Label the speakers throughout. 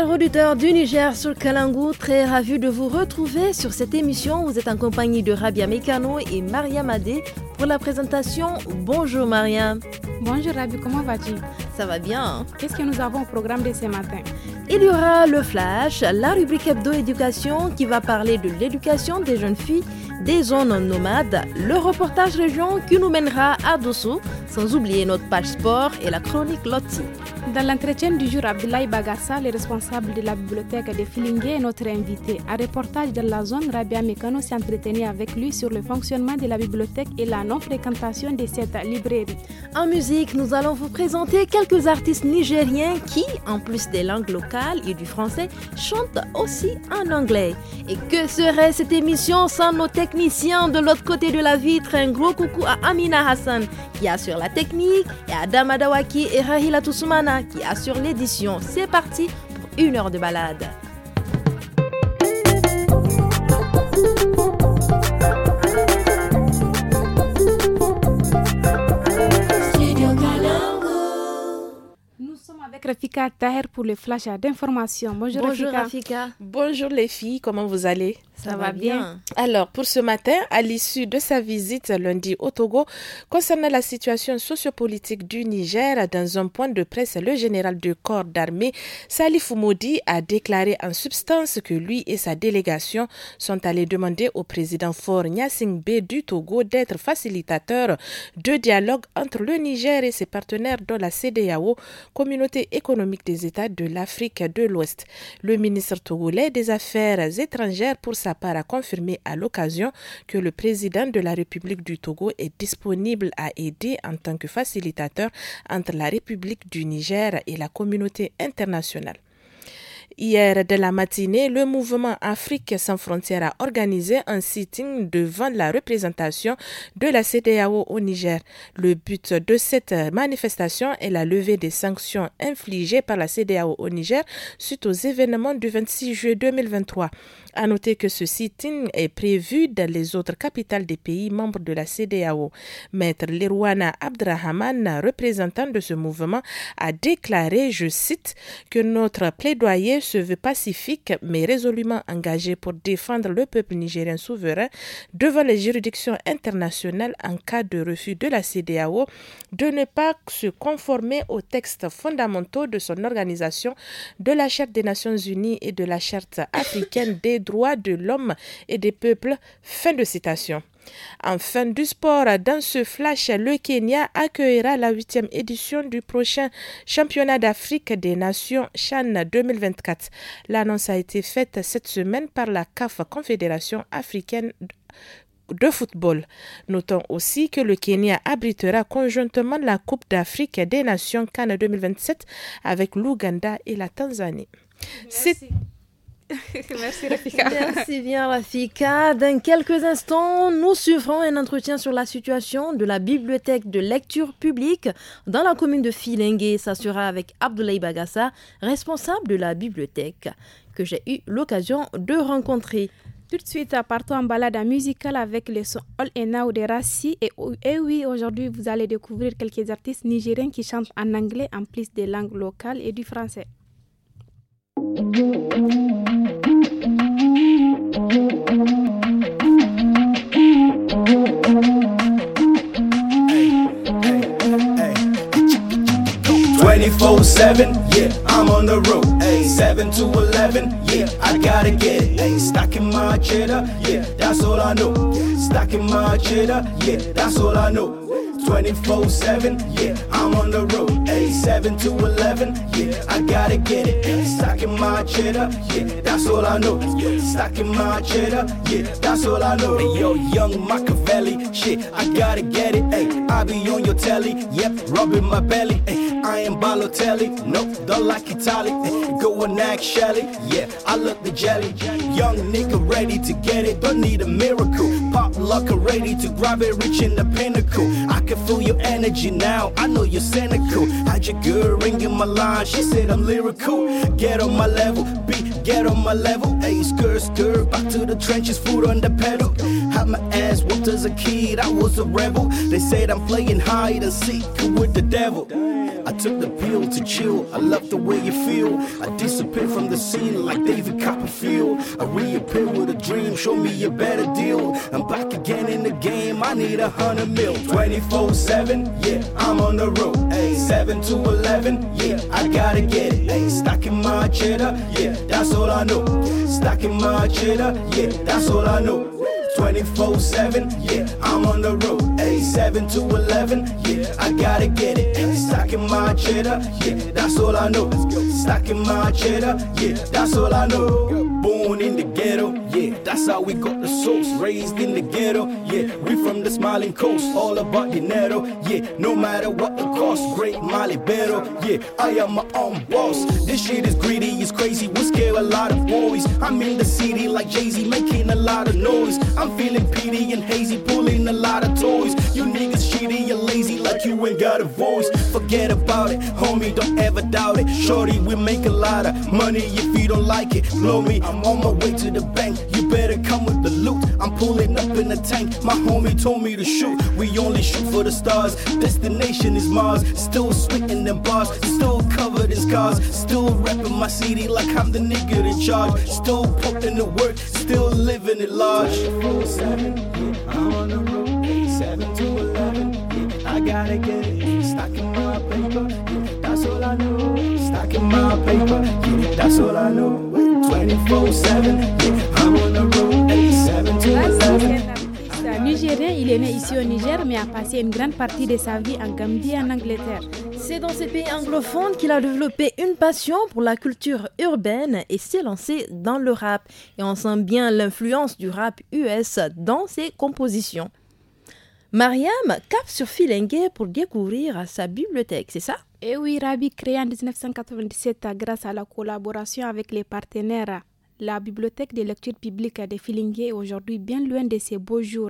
Speaker 1: chers auditeurs du Niger sur Kalangu, très ravi de vous retrouver sur cette émission. Vous êtes en compagnie de Rabia Mekano et Maria Madé pour la présentation. Bonjour
Speaker 2: Maria. Bonjour Rabi, comment vas-tu Ça va bien. Qu'est-ce que nous avons au programme de ce matin
Speaker 1: Il y aura le flash, la rubrique hebdo éducation qui va parler de l'éducation des jeunes filles des zones nomades, le reportage région qui nous mènera à Dosso,
Speaker 2: sans oublier notre page sport et la chronique Lotti. Dans l'entretien du jour, Abdoulaye Bagarsa, le responsable de la bibliothèque de Filingué, est notre invité. Un reportage dans la zone, Rabia Mekano s'est entretenu avec lui sur le fonctionnement de la bibliothèque et la non-fréquentation de cette librairie. En musique, nous allons vous présenter quelques artistes nigériens qui, en plus des langues
Speaker 1: locales et du français, chantent aussi en anglais. Et que serait cette émission sans nos techniciens de l'autre côté de la vitre Un gros coucou à Amina Hassan, qui assure la technique, et à Damadawaki et Rahila Toussoumana qui assure l'édition. C'est parti pour une heure de balade.
Speaker 3: Nous sommes
Speaker 2: avec Rafika Taher pour le flash d'information. Bonjour, Bonjour Rafika.
Speaker 3: Bonjour les filles, comment vous allez ça, va bien. Alors, pour ce matin, à l'issue de sa visite lundi au Togo, concernant la situation sociopolitique du Niger, dans un point de presse, le général de corps d'armée, Salif Moudi, a déclaré en substance que lui et sa délégation sont allés demander au président fort Nyasingbe du Togo d'être facilitateur de dialogue entre le Niger et ses partenaires dans la CDAO, Communauté économique des États de l'Afrique de l'Ouest. Le ministre togolais des Affaires étrangères, pour sa part a confirmé à l'occasion que le président de la République du Togo est disponible à aider en tant que facilitateur entre la République du Niger et la communauté internationale. Hier de la matinée, le mouvement Afrique sans frontières a organisé un sitting devant la représentation de la CDAO au Niger. Le but de cette manifestation est la levée des sanctions infligées par la CDAO au Niger suite aux événements du 26 juillet 2023. À noter que ce sitting est prévu dans les autres capitales des pays membres de la CDAO. Maître Lerwana Abdrahaman, représentant de ce mouvement, a déclaré, je cite, que notre plaidoyer se veut pacifique mais résolument engagé pour défendre le peuple nigérien souverain devant les juridictions internationales en cas de refus de la CDAO de ne pas se conformer aux textes fondamentaux de son organisation, de la Charte des Nations Unies et de la Charte africaine des droits de l'homme et des peuples. Fin de citation. En fin du sport, dans ce flash, le Kenya accueillera la huitième édition du prochain championnat d'Afrique des Nations Chan 2024. L'annonce a été faite cette semaine par la CAF, Confédération africaine de football. Notons aussi que le Kenya abritera conjointement la Coupe d'Afrique des Nations Cannes 2027 avec l'Ouganda et la Tanzanie.
Speaker 2: Merci
Speaker 1: Rafika. Merci bien Rafika. Dans quelques instants, nous suivrons un entretien sur la situation de la bibliothèque de lecture publique dans la commune de Filengue. Ça sera avec Abdoulaye Bagassa, responsable de
Speaker 2: la bibliothèque, que j'ai eu l'occasion de rencontrer. Tout de suite, partons en balade musicale avec les sons All and Now Et, et eh oui, aujourd'hui, vous allez découvrir quelques artistes nigériens qui chantent en anglais en plus des langues locales et du français.
Speaker 4: 24 seven, yeah, I'm on the road. Ayy, seven to eleven, yeah, I gotta get it. Ayy, stacking my cheddar, yeah, that's all I know. Stacking my cheddar, yeah, that's all I know. 24 7. Yeah, I'm on the road. A7 to 11. Yeah, I gotta get it. Stocking my cheddar. Yeah, that's all I know. Stocking my cheddar. Yeah, that's all I know. Hey, yo, young Machiavelli. Shit, I gotta get it. Hey, I be on your telly. Yep, rubbing my belly. Ay, I am Balotelli. Nope, don't like Italy. go and act Shelly. Yeah, I look the jelly. Young nigga ready to get it. Don't need a miracle. Pop and ready to grab it, reaching the pinnacle. I can feel your energy now, I know you're cynical. Had your girl ringing my line, she said I'm lyrical. Get on my level, B. get on my level. A. skirt, skirt, back to the trenches, foot on the pedal. Had my ass whooped as a kid, I was a rebel. They said I'm playing hide and seek with the devil. I took the pill to chill, I love the way you feel. I disappear from the scene like David Copperfield. I reappear with a dream, show me a better deal. I'm back back again in the game. I need a hundred mil. 24 7, yeah, I'm on the road. Ay, 7 to 11, yeah, I gotta get it. Ay, stocking my cheddar, yeah, that's all I know. Stocking my cheddar, yeah, that's all I know. 24 7, yeah, I'm on the road. Ay, 7 to 11, yeah, I gotta get it. Ay, stocking my cheddar, yeah, that's all I know. Stocking my cheddar, yeah, that's all I know. Born in the ghetto, yeah, that's how we got the souls. Raised in the ghetto, yeah, we from the smiling coast. All about dinero, yeah, no matter what the cost. Great Mali better, yeah, I am my own boss. This shit is greedy, it's crazy. We scare a lot of boys. I'm in the city like Jay Z, making a lot of noise. I'm feeling peaty and hazy, pulling a lot of toys. You niggas shitty, you lazy, like you ain't got a voice. Forget about it, homie, don't ever doubt it. Shorty, we make a lot of money if you don't like it. Blow me, I'm on my way to the bank you better come with the loot. I'm pulling up in the tank, my homie told me to shoot. We only shoot for the stars, destination is Mars. Still sweating them bars, still covered in scars. Still rapping my CD like I'm the nigga in charge. Still putting the work, still living it large. 7 yeah, I'm on the road, 7 to 11, yeah, I gotta get it. Stacking my paper, yeah, that's all I know. Stacking my paper, yeah,
Speaker 2: Nigérien, il est né ici au Niger mais a passé une grande partie de sa vie en Gambie et en Angleterre. C'est dans ces pays anglophones
Speaker 1: qu'il a développé une passion pour la culture urbaine et s'est lancé dans le rap. Et on sent bien l'influence du rap US dans ses compositions. Mariam cap sur Filengue pour découvrir sa bibliothèque, c'est ça
Speaker 2: et eh oui, Rabi, créé en 1997 grâce à la collaboration avec les partenaires la bibliothèque de lecture publique de Filingué est aujourd'hui bien loin de ses beaux jours.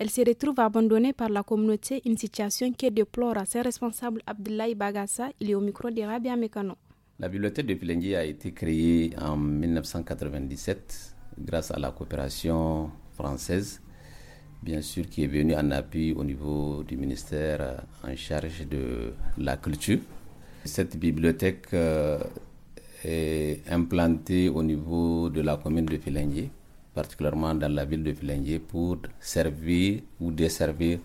Speaker 2: Elle se retrouve abandonnée par la communauté, une situation que déplore ses responsable Abdoulaye Bagassa. Il est au micro de Rabia Mekano.
Speaker 5: La bibliothèque de Filingué a été créée en 1997 grâce à la coopération française bien sûr, qui est venu en appui au niveau du ministère euh, en charge de la culture. Cette bibliothèque euh, est implantée au niveau de la commune de Filingier, particulièrement dans la ville de Filingier, pour servir ou desservir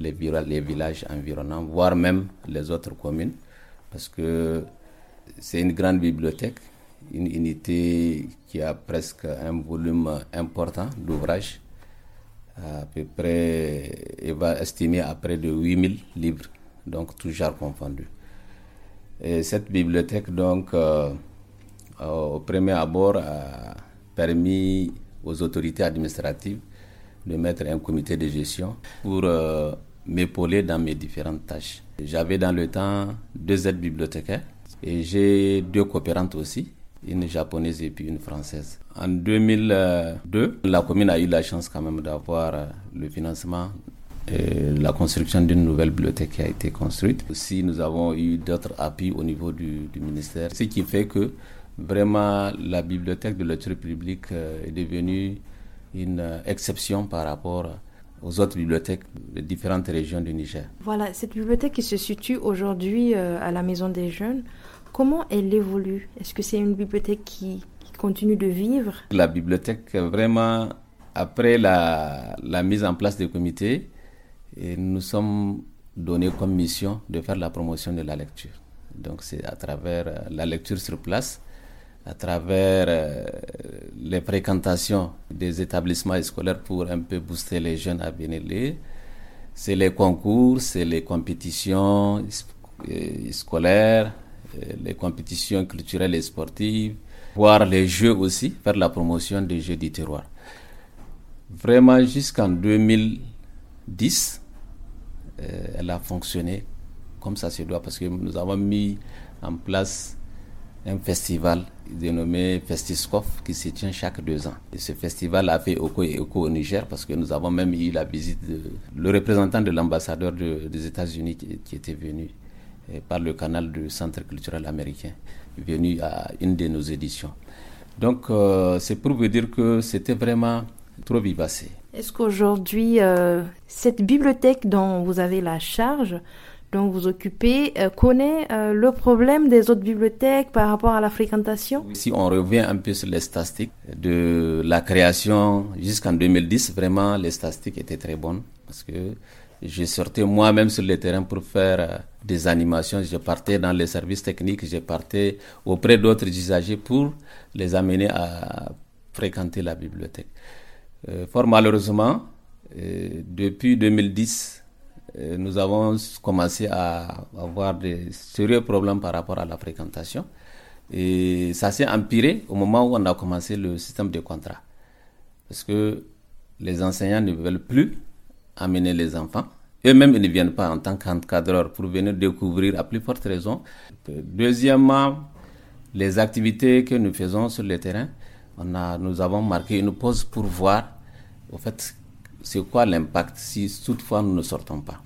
Speaker 5: les villages environnants, voire même les autres communes, parce que c'est une grande bibliothèque, une unité qui a presque un volume important d'ouvrages à peu près, il va estimer à près de 8000 livres, donc tout genre confondu. Et cette bibliothèque, donc, euh, au premier abord, a permis aux autorités administratives de mettre un comité de gestion pour euh, m'épauler dans mes différentes tâches. J'avais dans le temps deux aides bibliothécaires et j'ai deux coopérantes aussi une japonaise et puis une française. En 2002, la commune a eu la chance quand même d'avoir euh, le financement et la construction d'une nouvelle bibliothèque qui a été construite. Aussi, nous avons eu d'autres appuis au niveau du, ministère, ce qui fait que vraiment la bibliothèque de l'autorité publique euh, est devenue une euh, exception par rapport aux autres bibliothèques de différentes régions du Niger.
Speaker 1: Voilà, cette bibliothèque qui se situe aujourd'hui à la Maison des Jeunes, Comment elle évolue Est-ce que c'est une bibliothèque qui, continue de vivre
Speaker 5: La bibliothèque, vraiment, après la, mise en place des comités, et nous sommes donnés comme mission de faire la promotion de la lecture. Donc c'est à travers euh, la lecture sur place, à travers euh, les fréquentations des établissements scolaires pour un peu booster les jeunes à bien lire. C'est les concours, c'est les compétitions euh, scolaires, euh, les compétitions culturelles et sportives, voir les jeux aussi, faire la promotion des jeux du terroir. Vraiment, jusqu'en 2010, euh, elle a fonctionné comme ça se doit, parce que nous avons mis en place un festival dénommé Festiscof qui se tient chaque deux ans. Et ce festival a fait Oko au Niger parce que nous avons même eu la visite de le représentant de l'ambassadeur des États-Unis qui était venu par le canal du Centre culturel américain, venu à une de nos éditions. Donc, euh, c'est pour vous dire que c'était vraiment trop vivacé.
Speaker 1: Est-ce qu'aujourd'hui, euh, cette bibliothèque dont vous avez la charge, dont vous occupez, euh, connaît le problème des autres bibliothèques par rapport à la fréquentation
Speaker 5: Si on revient un peu sur les statistiques, de la création jusqu'en 2010, vraiment, les statistiques étaient très bonnes parce que j'ai sortais moi-même sur le terrain pour faire euh, des animations. Je partais dans les services techniques, je partais auprès d'autres usagers pour les amener à fréquenter la bibliothèque. Euh, fort malheureusement, euh, depuis 2010, nous avons commencé à avoir des sérieux problèmes par rapport à la fréquentation. Et ça s'est empiré au moment où on a commencé le système de contrat. Parce que les enseignants ne veulent plus amener les enfants. Eux-mêmes, ils ne viennent pas en tant qu'encadreurs pour venir découvrir à plus forte raison. Deuxièmement, les activités que nous faisons sur le terrain, on a, nous avons marqué une pause pour voir, au fait, c'est quoi l'impact si toutefois nous ne sortons pas.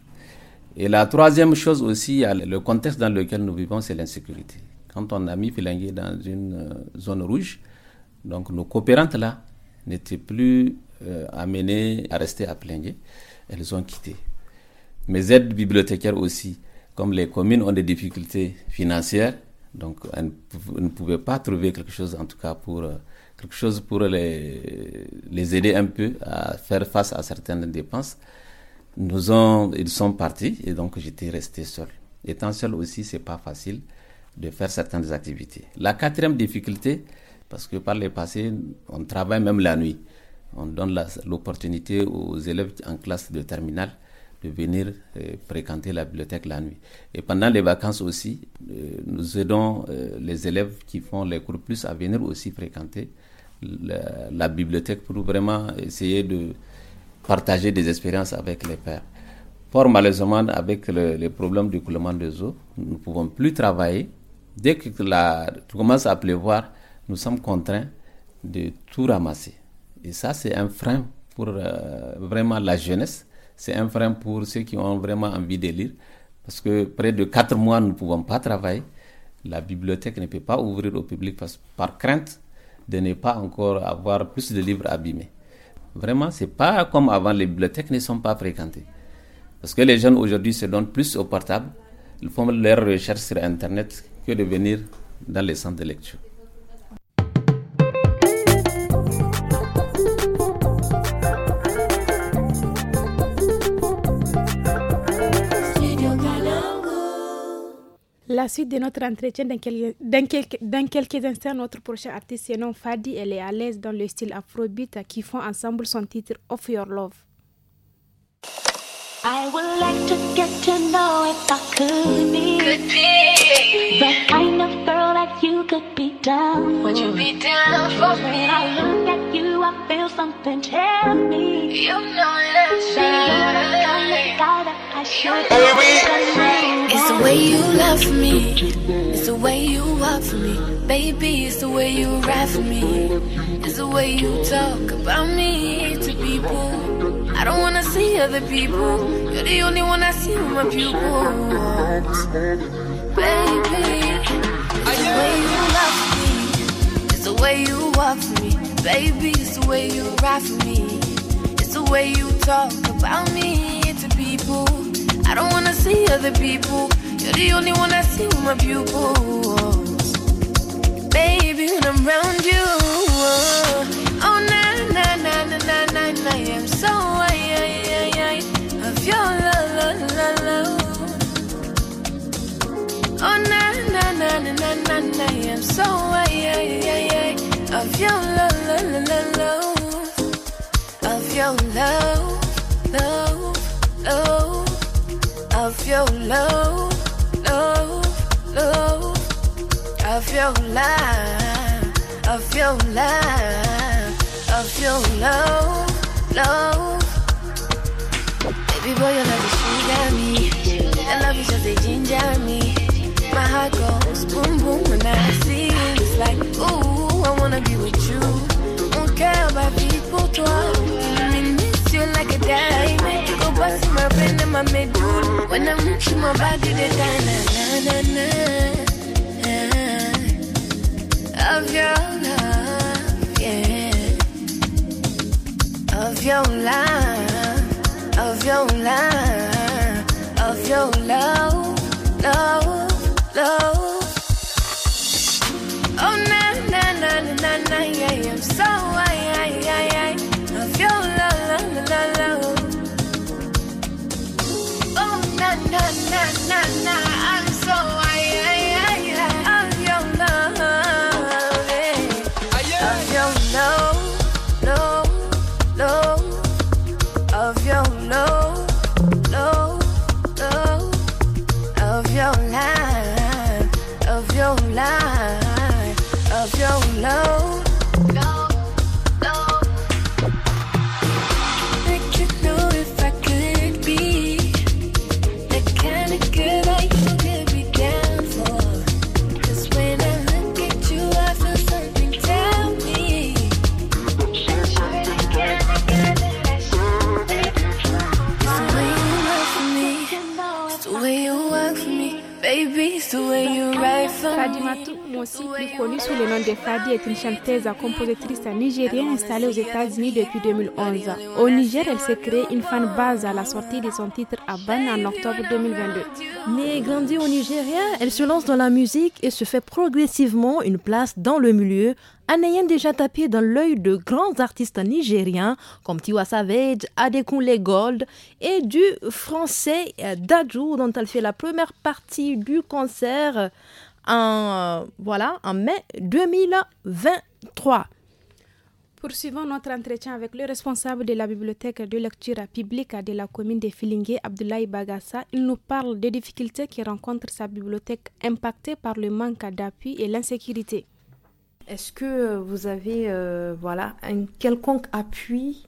Speaker 5: Et la troisième chose aussi, le contexte dans lequel nous vivons, c'est l'insécurité. Quand on a mis Filangué dans une euh, zone rouge, donc nos coopérantes là n'étaient plus euh, amenées à rester à Filangué elles ont quitté. Mes aides bibliothécaires aussi, comme les communes ont des difficultés financières, donc elles ne pouvaient pas trouver quelque chose, en tout cas pour euh, quelque chose pour les, les aider un peu à faire face à certaines dépenses. Nous ont, ils sont partis et donc j'étais resté seul. Étant seul aussi, c'est pas facile de faire certaines activités. La quatrième difficulté, parce que par le passé, on travaille même la nuit on donne l'opportunité aux élèves en classe de terminale de venir euh, fréquenter la bibliothèque la nuit. Et pendant les vacances aussi, euh, nous aidons euh, les élèves qui font les cours plus à venir aussi fréquenter la, bibliothèque pour vraiment essayer de partager des expériences avec les pères. Fort malheureusement, avec les problèmes du coulement des eaux, nous ne pouvons plus travailler. Dès que la, commence à pleuvoir, nous sommes contraints de tout ramasser. Et ça, c'est un frein pour euh, vraiment la jeunesse. C'est un frein pour ceux qui ont vraiment envie de lire. Parce que près de quatre mois, nous ne pouvons pas travailler. La bibliothèque ne peut pas ouvrir au public parce, par crainte de ne pas encore avoir plus de livres abîmés. Vraiment, c'est pas comme avant, les bibliothèques ne sont pas fréquentées. Parce que les jeunes aujourd'hui se donnent plus au portable, ils font leurs recherches sur Internet que de venir dans les centres de lecture.
Speaker 2: La suite de notre entretien dans, quelques instants, notre prochain artiste, c'est non Fadi, elle est à l'aise dans le style afrobeat qui font ensemble son titre Off Your Love.
Speaker 6: I would like to get to know if I
Speaker 7: could be. Could be. The kind of girl that you could be down.
Speaker 8: Would you be down for me? When I look at you, I feel something tell me. You know that's that Baby, it's the way you love me. It's the way you walk for me. Baby, it's the way you ride for me. It's the way you talk about me to people. I don't wanna see other people. You're the only one I see with my pupils. Baby, it's the way you love me. It's the way you walk for me. Baby, it's the way you ride for me. It's the way you talk about me to people. I don't wanna see other people. You're the only one I see with my pupils. Baby, when I'm around you. a.m. So I, of your love, love, love, of your love, love, love, of your love, of your love, of your love, love, Baby boy, your love is sugar me, and love is just a ginger me. My heart goes boom boom when I see you. It's like ooh, I wanna be with you. Mon cœur pour toi. you like a diamond. Go bust my brain and my medulla. When I'm with you, my Of your love, yeah. Of your love, of your love, of your love, love love. Oh na na na na na I'm so I I I I la la la Oh na na na na na. of your love.
Speaker 2: aussi connue sous le nom de Fadi, est une chanteuse et compositrice nigérienne installée aux États-Unis depuis 2011. Au Niger, elle s'est créée une fan base à la sortie de son titre à ben en octobre 2022. Née et
Speaker 1: grandie au Nigeria, elle se lance dans la musique et se fait progressivement une place dans le milieu en ayant déjà tapé dans l'œil de grands artistes nigériens comme Tiwa Savage, Adekunle Gold et du français euh, Dajou dont elle fait la première
Speaker 2: partie du concert en, euh, voilà, en mai 2023. Poursuivons notre entretien avec le responsable de la bibliothèque de lecture publique de la commune de Filingué, Abdoulaye Bagassa. Il nous parle des difficultés qui rencontre sa bibliothèque impactée par le manque d'appui et l'insécurité. Est-ce que vous avez euh, voilà,
Speaker 1: un quelconque
Speaker 2: appui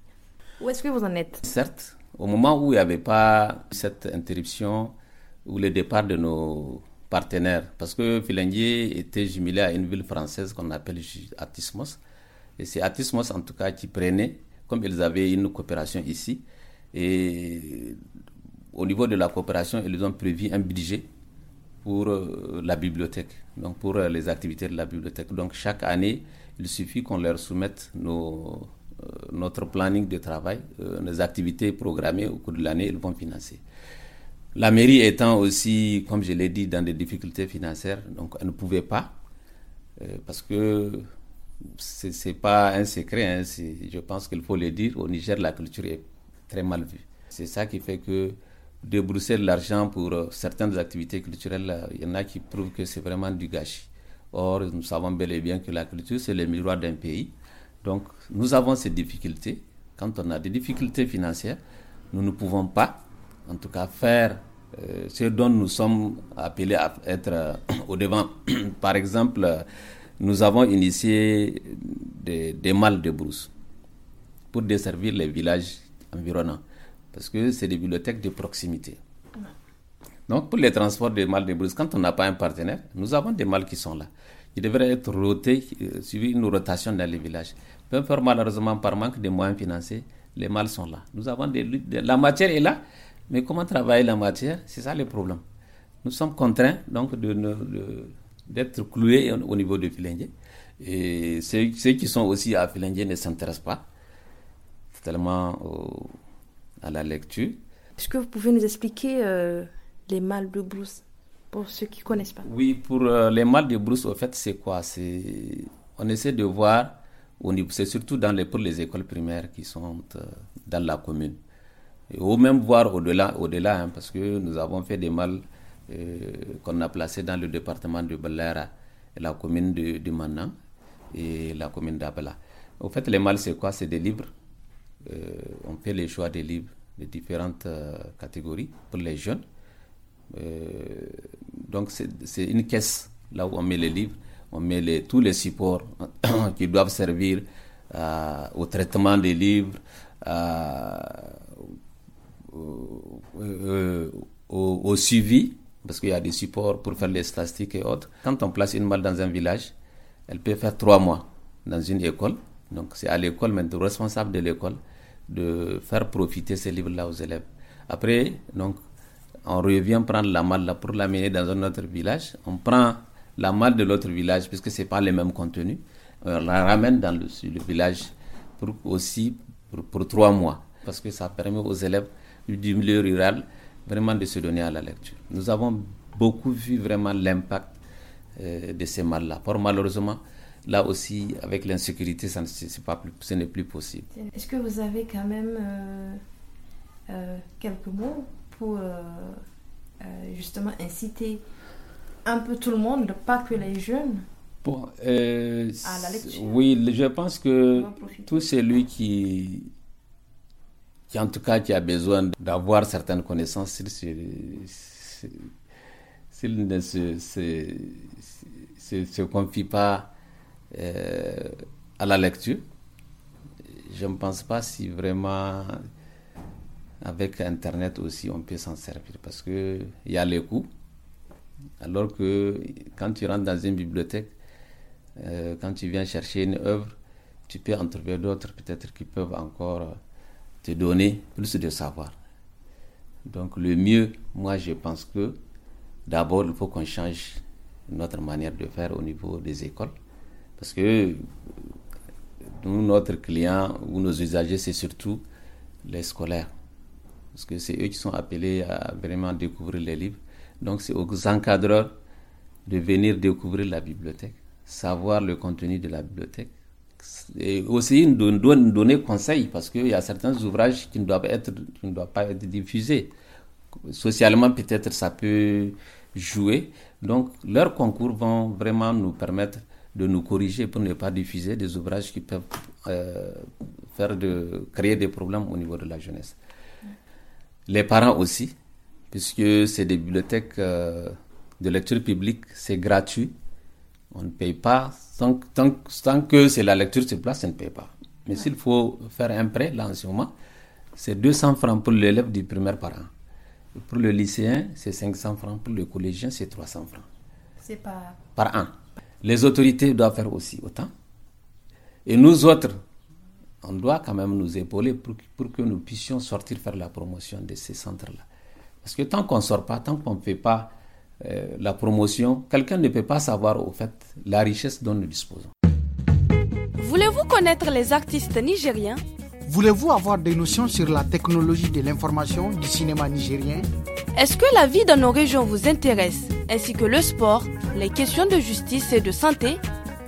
Speaker 2: Où est-ce que vous en
Speaker 5: êtes Certes, au moment où il n'y avait pas cette interruption ou le départ de nos Partenaire, Parce que Filendier était jumelé à une ville française qu'on appelle Artismos. Et c'est Artismos en tout cas, qui prenait, comme ils avaient une coopération ici. Et au niveau de la coopération, ils ont prévu un budget pour euh, la bibliothèque, donc pour euh, les activités de la bibliothèque. Donc chaque année, il suffit qu'on leur soumette nos, euh, notre planning de travail, nos activités programmées au cours de l'année, ils vont financer. La mairie étant aussi, comme je l'ai dit, dans des difficultés financières, donc elle ne pouvait pas, euh, parce que ce n'est pas un secret, hein, je pense qu'il faut le dire, au Niger, la culture est très mal vue. C'est ça qui fait que débrousser de l'argent pour euh, certaines activités culturelles, euh, il y en a qui prouvent que c'est vraiment du gâchis. Or, nous savons bel et bien que la culture, c'est le miroir d'un pays. Donc, nous avons ces difficultés. Quand on a des difficultés financières, nous ne pouvons pas en tout cas faire euh, ce dont nous sommes appelés à être euh, au devant. Par exemple, euh, nous avons initié des, mâles de brousse pour desservir les villages environnants, parce que c'est des bibliothèques de proximité. Donc, pour les transports des mâles de brousse, quand on n'a pas un partenaire, nous avons des mâles qui sont là. Ils devraient être rotés, suivis une rotation dans les villages. Peu importe, malheureusement, par manque de moyens financiers, les mâles sont là. Nous avons la matière est là, mais comment travailler la matière C'est ça le problème. Nous sommes contraints donc d'être cloués au niveau de Filingé. Et ceux, qui sont aussi à Filingé ne s'intéressent pas tellement à la lecture.
Speaker 1: Est-ce que vous pouvez nous expliquer euh, les mâles de brousse pour ceux qui ne connaissent pas
Speaker 5: Oui, pour euh, les mâles de brousse, au fait, c'est quoi On essaie de voir, c'est surtout dans les, pour les écoles primaires qui sont euh, dans la commune ou même voir au-delà, au-delà hein, parce que nous avons fait des mâles euh, qu'on a placés dans le département de et la commune de, Manan et la commune d'Abala. Au fait, les mâles, c'est quoi C'est des livres. Euh, on fait les choix des livres de différentes euh, catégories pour les jeunes. donc, c'est une caisse là où on met les livres, on met les, tous les supports qui doivent servir au traitement des livres. à euh, euh, au, suivi, parce qu'il y a des supports pour faire les statistiques et autres. Quand on place une malle dans un village, elle peut faire trois mois dans une école. Donc c'est à l'école, mais le responsable de l'école, de faire profiter ces livres-là aux élèves. Après, donc, on revient prendre la malle là pour l'amener dans un autre village. On prend la malle de l'autre village, puisque ce n'est pas le même contenu. On la ramène dans le, village pour aussi pour trois mois, parce que ça permet aux élèves du milieu rural, vraiment de se donner à la lecture. Nous avons beaucoup vu vraiment l'impact euh, de ces mal-là. Pour malheureusement, là aussi, avec l'insécurité, ça pas plus, ce n'est plus possible.
Speaker 1: Est-ce que vous avez quand même euh, euh, quelques mots pour justement inciter un peu tout le monde, pas que les jeunes
Speaker 5: à la lecture Oui, je pense que tout celui qui en tout cas qui a besoin d'avoir certaines connaissances s'il ne se, confie pas euh, à la lecture, je ne pense pas si vraiment avec Internet aussi on peut s'en servir parce qu'il y a les coûts. Alors que quand tu rentres dans une bibliothèque, euh, quand tu viens chercher une œuvre, tu peux en trouver d'autres peut-être qui peuvent encore te donner plus de savoir. Donc le mieux, moi je pense que d'abord il faut qu'on change notre manière de faire au niveau des écoles. Parce que nous, notre client ou nos usagers, c'est surtout les scolaires. Parce que c'est eux qui sont appelés à vraiment découvrir les livres. Donc c'est aux encadreurs de venir découvrir la bibliothèque, savoir le contenu de la bibliothèque, et aussi nous donner conseil parce qu'il y a certains ouvrages qui ne doivent être qui ne doivent pas être diffusés socialement peut-être ça peut jouer donc leurs concours vont vraiment nous permettre de nous corriger pour ne pas diffuser des ouvrages qui peuvent euh, faire de créer des problèmes au niveau de la jeunesse les parents aussi puisque c'est des bibliothèques euh, de lecture publique c'est gratuit on ne paye pas. Tant, tant, tant que c'est la lecture sur place, ça ne paye pas. Mais s'il faut faire un prêt, là en ce moment, c'est 200 francs pour l'élève du primaire par an. pour le lycéen, c'est 500 francs. Pour le collégien, c'est 300 francs. C'est par... an. Les autorités doivent faire aussi autant. Et nous autres, on doit quand même nous épauler pour, pour que nous puissions sortir faire la promotion de ces centres-là. Parce que tant qu'on ne sort pas, tant qu'on ne fait pas euh, la promotion, quelqu'un ne peut pas savoir au fait la richesse dont nous disposons.
Speaker 9: Voulez-vous connaître les artistes nigériens
Speaker 10: Voulez-vous avoir des notions sur la technologie de l'information du cinéma nigérien
Speaker 9: Est-ce que la vie dans nos régions vous intéresse, ainsi que le sport, les questions de justice et de santé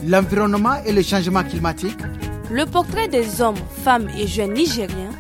Speaker 10: L'environnement et le changement climatique
Speaker 9: Le portrait des hommes, femmes et jeunes nigériens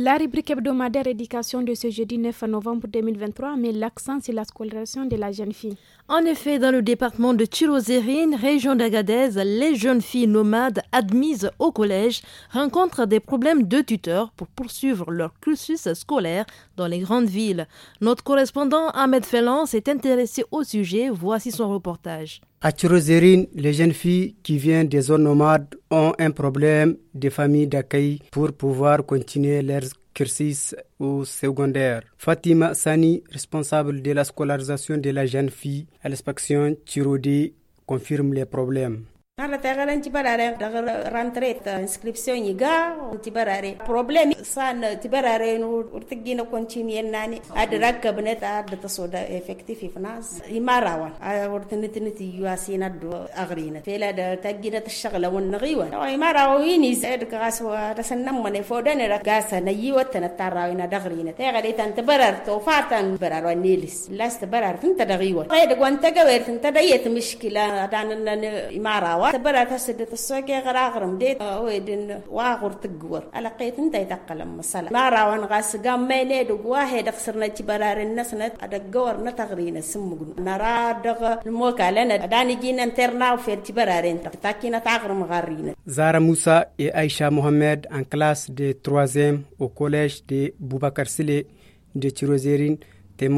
Speaker 2: La rubrique hebdomadaire éducation de ce jeudi 9 novembre 2023 met l'accent sur la scolarisation de la jeune fille. En effet,
Speaker 1: dans le département de Tirozérine, région d'Agadez, les jeunes filles nomades admises au collège rencontrent des problèmes de tuteurs pour poursuivre leur cursus scolaire dans les grandes villes. Notre correspondant Ahmed Fellan s'est intéressé au sujet. Voici son reportage.
Speaker 11: À Chirozérine, les jeunes filles qui viennent des zones nomades ont un problème de famille d'accueil pour pouvoir continuer leurs cursus au secondaire. Fatima Sani, responsable de la scolarisation de la jeune fille à l'inspection Chirodé, confirme les problèmes.
Speaker 12: على تغلا انت براري رانتريت انسكريبسيون يغا انت براري بروبليم سان تبراري ورتجينا كونتيني ناني ادراك بنت اد تصودا افكتيف فناس يماراوان ورتنت نت يواسينا دو اغرينا فيلا دا تجينا الشغله والنغيوان اي ماراوين يزاد كاسوا رسنا من فودن راكاسا نيو تنتاراوينا دغرينا تغلي تنتبرر توفاتن برارو نيلس لاست برار تنت دغيوان غير كنت غير تنت ديت مشكله دان ماراوان وتبرا كسدة السوكي غير أغرم ديت آه، ويدن واغر تقور قيت انت يتقلم مثلا نارا غاس قام ما دق واحد خسرنا تبرار الناس نت أدقور نتغرينا سمقنا نارا دغ الموكا لنا داني جينا انترنا وفي تبرار انت تاكينا تغرم غرينا
Speaker 11: زارا موسى et Aïcha Mohamed en classe de 3e دي collège سلي دي تروزيرين de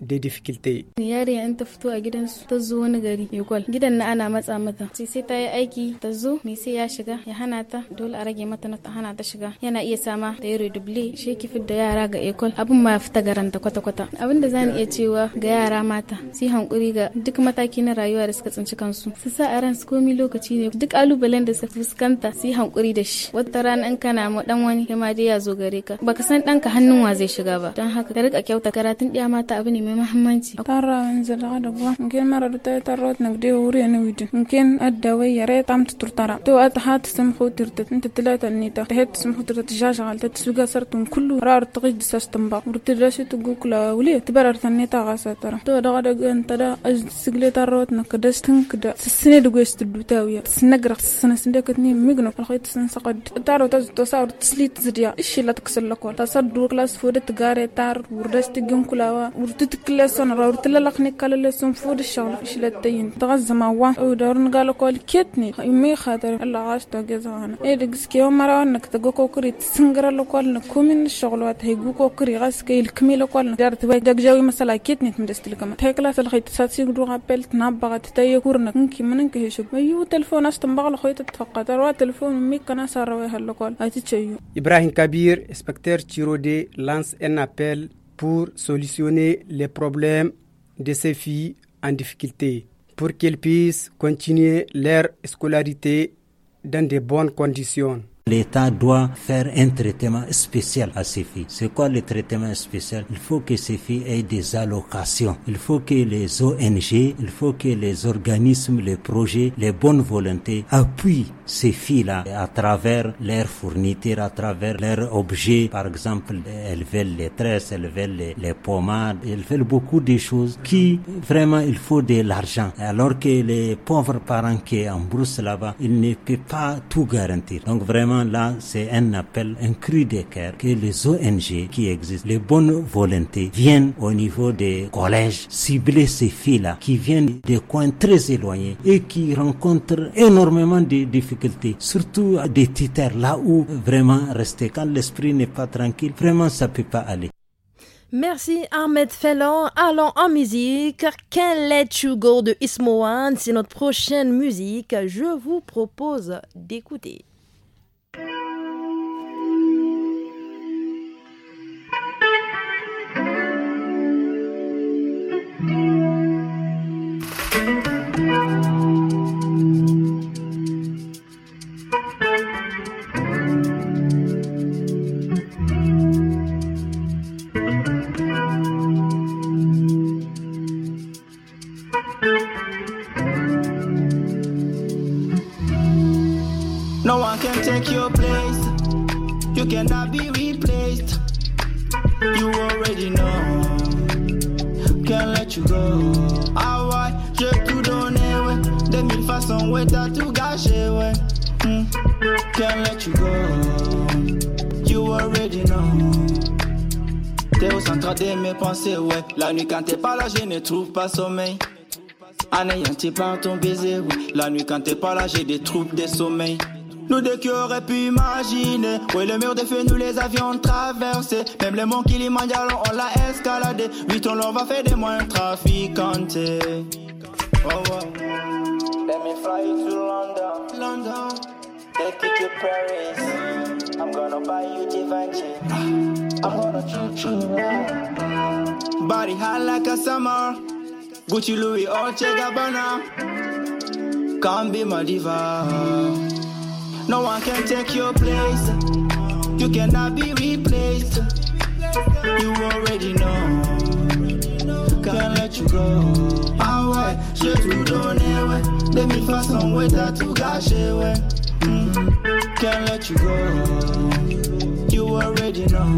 Speaker 11: da difficulty.
Speaker 2: Yariya ta fito a gidansu ta zo wani gari Yukol gidan na ana matsa mata sai sai ta yi aiki ta zo mai sai ya shiga ya hana ta dole a rage mata na ta hana ta shiga yana iya sama da yaro duble shi ki da yara ga Ekol abin ma ya fita garanta kwata kwata abin da zan iya cewa ga yara mata sai hankuri ga duk mataki na rayuwa da suka tsinci kansu su sa a ran su komi lokaci ne duk alubalen da su fuskanta sai hankuri da shi wata rana in kana ma dan wani kai ma dai ya zo gare ka baka san danka hannun wa zai shiga ba don haka ka rika kyauta karatun ɗiya mata abu ne me mahimmanci tarra nzal gada bua nken mara
Speaker 13: do tay tarrot nak de wuri ana widin nken adda way yare tam tutur tara to at hat sam khutir tat inta tlata nita hat sam khutir tat jaja gal tat suga sartum kullu rar tqid sas tamba urti rashi tu gukla wuli tibarar tan nita gasa tara to da gada gan tada az sigle tarrot nak das tin kda sine do gwest du tawiya snagra sina sinde katni migno al khayt sin saqad tarrot az to sar tslit zdiya ishi la taksal lakwa tasad dur klas fodat gare tar urdas tigin kulawa urti تكلسون راور تلالقني كاللسون فود الشغل فيش إيش لدين تغزم أوان أو دارن قالوا كل كتني مي خاطر الا عاش تو تجزانا اي دكس يوم مرة إنك تجوكو كري تسنجر لو كل نكومين الشغل وتهيجوكو كري كي الكمي لو كل دارت واي داك جاوي مسلا كتني تمدست لكم تهيكلا تلقي تساتسي دو غابل تنبغ تتاي كورنا كنكي منك هيشب أيو تلفون أستنبغ لخوي تتفقى ترى تليفون مي كنا ساروي هالو كل هاي
Speaker 11: إبراهيم كبير إسبكتير تشيرودي لانس إن أبل pour solutionner les problèmes de ces filles en difficulté, pour qu'elles puissent continuer leur scolarité dans de bonnes conditions.
Speaker 14: L'État doit faire un traitement spécial à ces filles. C'est quoi le traitement spécial Il faut que ces filles aient des allocations. Il faut que les ONG, il faut que les organismes, les projets, les bonnes volontés appuient ces filles-là, à travers leurs fournitures, à travers leurs objets, par exemple, elles veulent les tresses, elles veulent les, les pommades, elles veulent beaucoup de choses qui, vraiment, il faut de l'argent. Alors que les pauvres parents qui en brousse là-bas, ils ne peuvent pas tout garantir. Donc vraiment, là, c'est un appel, un cri de cœur que les ONG qui existent, les bonnes volontés, viennent au niveau des collèges cibler ces filles-là qui viennent des coins très éloignés et qui rencontrent énormément de difficultés surtout surtout des titres là où vraiment rester quand l'esprit n'est pas tranquille, vraiment ça peut pas aller.
Speaker 1: Merci Ahmed Fellon. Allons en musique. Can Let You Go de Ismoan, c'est notre prochaine musique. Je vous propose d'écouter.
Speaker 15: No one can take your place. You cannot be replaced. You already know. Can't let you go. Ah ouais, je tout donner, ouais. Des mille façons, ouais, t'as tout gâché, ouais. Hmm. Can't let you go. You already know. T'es au centre de mes pensées, ouais. La nuit quand t'es pas là, je ne trouve pas sommeil. tu par ton baiser, ouais. La nuit quand t'es pas là, j'ai des troubles de sommeil. Nous deux qui auraient pu imaginer Oui le mur de feu nous les avions traversés Même les monts Kilimanjaro on l'a escaladé Vite on va faire des moins trafiquantes oh, oh. Let me fly you to London London Take you to Paris I'm gonna buy you Givenchy I'm gonna treat you now Body hot like a summer Gucci Louis Dolce Gabbana Come be my diva No one can take your place. You cannot be replaced. You already know. Can't let you go. don't Awa, shetu donewe. Demi fason weta tu gashewe. Hmm. Can't let you go. You already know.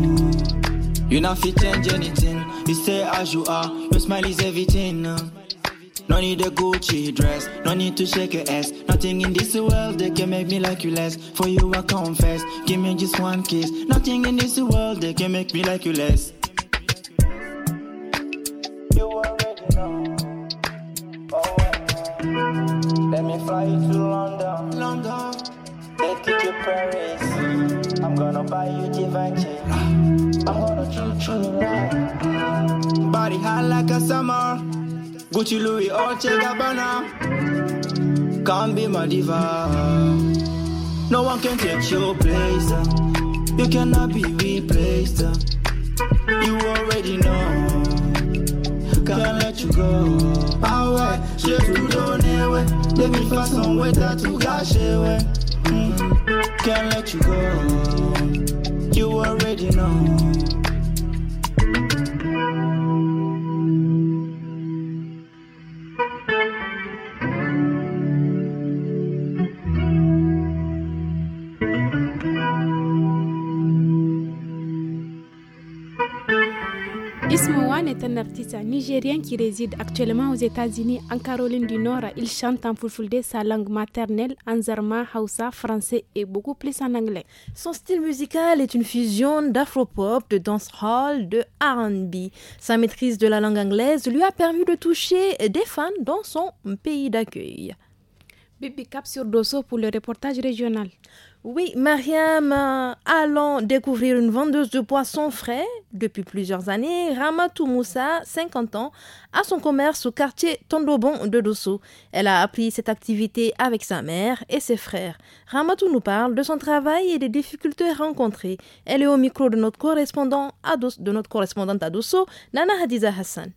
Speaker 15: You not fit change anything. You stay as you are. Your smile is everything. No need a Gucci dress, no need to shake your ass. Nothing in this world that can make me like you less. For you, I confess. Give me just one kiss. Nothing in this world that can make me like you less. You already know. Oh, Let me fly you to London. London. Take you to Paris. I'm gonna buy you Givenchy. I'm gonna treat you right. Body hot like a summer. Gucci, Louis, Orche, Gabbana. Can't be my diva. No one can take your place. Uh. You cannot be replaced. Uh. You already know. Can't let you go. Awe, shefu donewe. Let me find some way that you got shewe. Hmm, can't let you go. You already know.
Speaker 2: nigérien qui réside actuellement aux États-Unis, en Caroline du Nord. Il chante en fulfulde sa langue maternelle, en zarma, hausa, français et beaucoup plus en anglais. Son style musical est une fusion d'afropop, de dancehall, de
Speaker 1: R&B. Sa maîtrise de la langue anglaise lui a permis de toucher des fans dans son pays d'accueil. Bibi Cap sur Dosso pour le reportage régional. Oui, Mariam, euh, allons découvrir une vendeuse de poissons frais depuis plusieurs années. Ramatou Moussa, 50 ans, a son commerce au quartier Tondobon de Dosso. Elle a appris cette activité avec sa mère et ses frères. Ramatou nous parle de son travail et des difficultés rencontrées. Elle est au micro de notre, correspondant à de notre correspondante à Dosso, Nana Hadiza Hassan.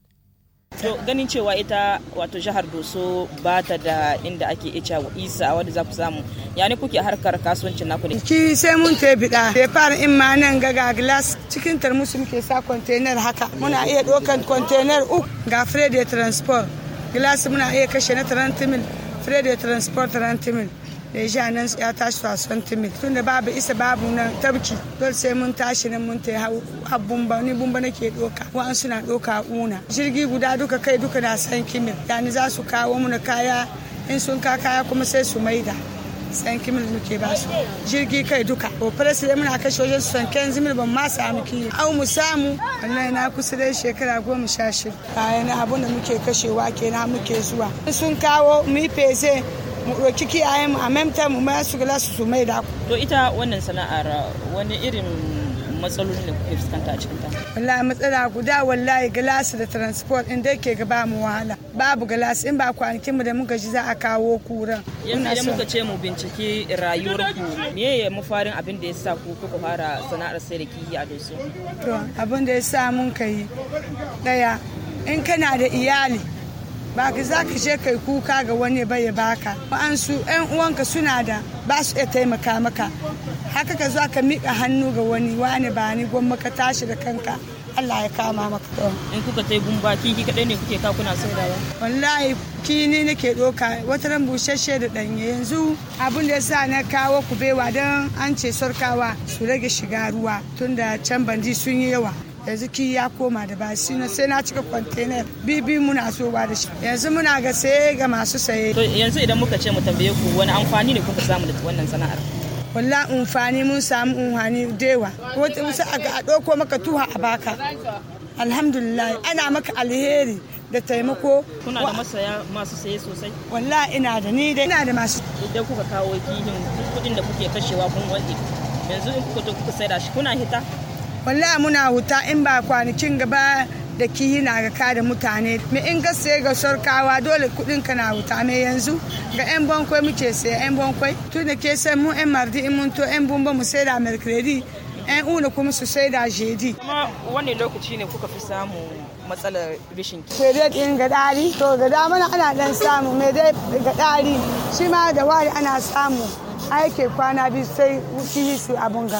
Speaker 12: To ganin cewa ita wato jihar Doso ba ta da inda ake ica wa isa wadda za ku samu. Ya kuke harkar kasuwancin
Speaker 16: naku ne? Ki sai mun ta biɗa. fara in ma nan gaga glass cikin tarmusu muke sa container haka. Muna iya ɗaukan container uku ga Freddy Transport. Glass muna iya kashe na 30 mil, Freddy Transport 30 mil. da ya nan ya tashi a timid tun da babu isa babu nan tabki dole sai mun tashi nan mun ta hau a ba ni bumba nake doka wa'an suna doka una jirgi guda duka kai duka na san kimil yani za su kawo mu kaya in sun ka kaya kuma sai su maida san kimil muke ba su jirgi kai duka ko farasa da muna kashe wajen su san yanzu mil ban ma samu kiyo au mu samu wallahi na kusa dai shekara goma sha shida bayan abun da muke kashewa kenan muke zuwa in sun kawo mu yi fese mu ɗauki kiyayen a memta mu ma su gila su mai da
Speaker 12: to ita wannan sana'ar wani irin matsaloli da kuke fuskanta a cikin ta
Speaker 16: wallahi matsala guda wallahi glass da transport in dai ke gaba mu wahala babu glass in ba kwanakin mu da muka ji za a kawo kuran yanzu idan muka
Speaker 12: ce mu bincike rayuwar ku me ya mafarin abin da ya sa ku kuka fara sana'ar sai da kihi a doso
Speaker 16: to abin da ya sa mun kai daya in kana da iyali ba ka za ka je kai kuka ga wani ba ya baka su yan uwanka suna da ba su iya taimaka maka haka ka za ka miƙa hannu ga wani wani ba ni gwamma ka tashi da kanka Allah ya kama maka to
Speaker 12: in kuka tai gumba kifi kadai ne kuke ka kuna saidawa
Speaker 16: wallahi kini nake doka wata ran bushashe da danye yanzu abin da yasa na kawo kubewa don an ce sarkawa su rage shiga ruwa tunda can bandi sun yi yawa yanzu ki ya koma da basi na sai na cika kwantenar bibi muna so ba da shi yanzu muna ga saye ga masu saye to yanzu idan muka ce mu tambaye ku wani amfani ne kuka samu da wannan sana'ar walla amfani mun samu umfani dewa wata musa a doko maka tuha a baka alhamdulillah ana maka alheri da taimako kuna da
Speaker 12: masaya masu saye sosai
Speaker 16: walla ina da ni da ina da masu idan kuka kawo kihin kudin da kuke kashewa
Speaker 12: kun wani yanzu in kuka to kuka saida shi kuna hita
Speaker 16: wallahi muna huta in ba kwanakin gaba da kiyi na ga kada mutane me in ga sai ga sarkawa dole kudin ka na wuta me yanzu ga yan bankwai muke sai yan bankwai tun da ke sai mu yan mardi in mun to yan bumba mu sai da mercredi yan una kuma su sai da jedi kuma wani lokaci
Speaker 12: ne kuka fi samu matsalar rishin ki sai dai
Speaker 16: ga dari to ga da mana ana dan samu me dai ga dari shi ma da wari ana samu aike kwana biyu sai kihi su abunga